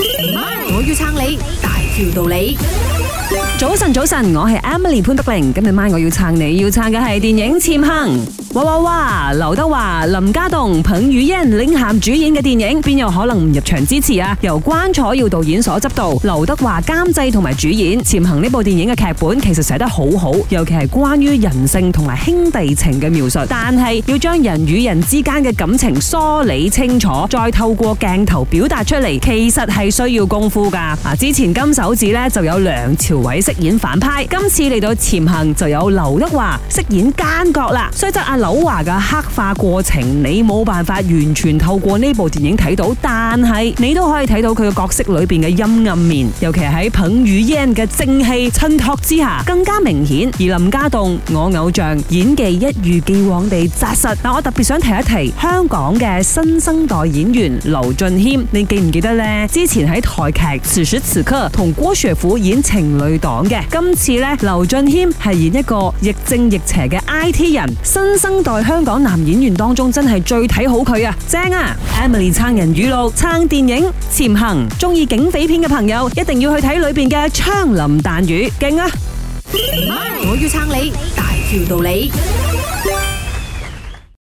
MY，我要撐你，大條道理。早晨，早晨，我係 Emily 潘德玲，今日 MY 我要撐你，要撐嘅係電影《潛行》。哇哇哇！劉德華、林家棟、彭于晏領銜主演嘅電影，邊有可能唔入場支持啊？由關楚耀導演所執導，劉德華監製同埋主演《潛行》呢部電影嘅劇本其實寫得好好，尤其係關於人性同埋兄弟情嘅描述。但係要將人與人之間嘅感情梳理清楚，再透過鏡頭表達出嚟，其實係需要功夫噶啊，之前《金手指》呢就有梁朝偉飾演反派，今次嚟到《潛行》就有劉德華飾演奸角啦。雖則柳華嘅黑化過程，你冇辦法完全透過呢部電影睇到，但係你都可以睇到佢嘅角色裏邊嘅陰暗面，尤其係喺彭于晏嘅正氣襯托之下更加明顯。而林家棟我偶像演技一如既往地紮實，但我特別想提一提香港嘅新生代演員劉俊謙，你記唔記得呢？之前喺台劇《此時此刻》同郭雪芙演情侶檔嘅，今次呢，劉俊謙係演一個亦正亦邪嘅 I T 人，新生。當代香港男演員當中真係最睇好佢啊，正啊！Emily 撐人語錄，撐電影《潛行》，中意警匪片嘅朋友一定要去睇裏邊嘅槍林彈雨，勁啊！Hi, 我要撐你，你大條道理。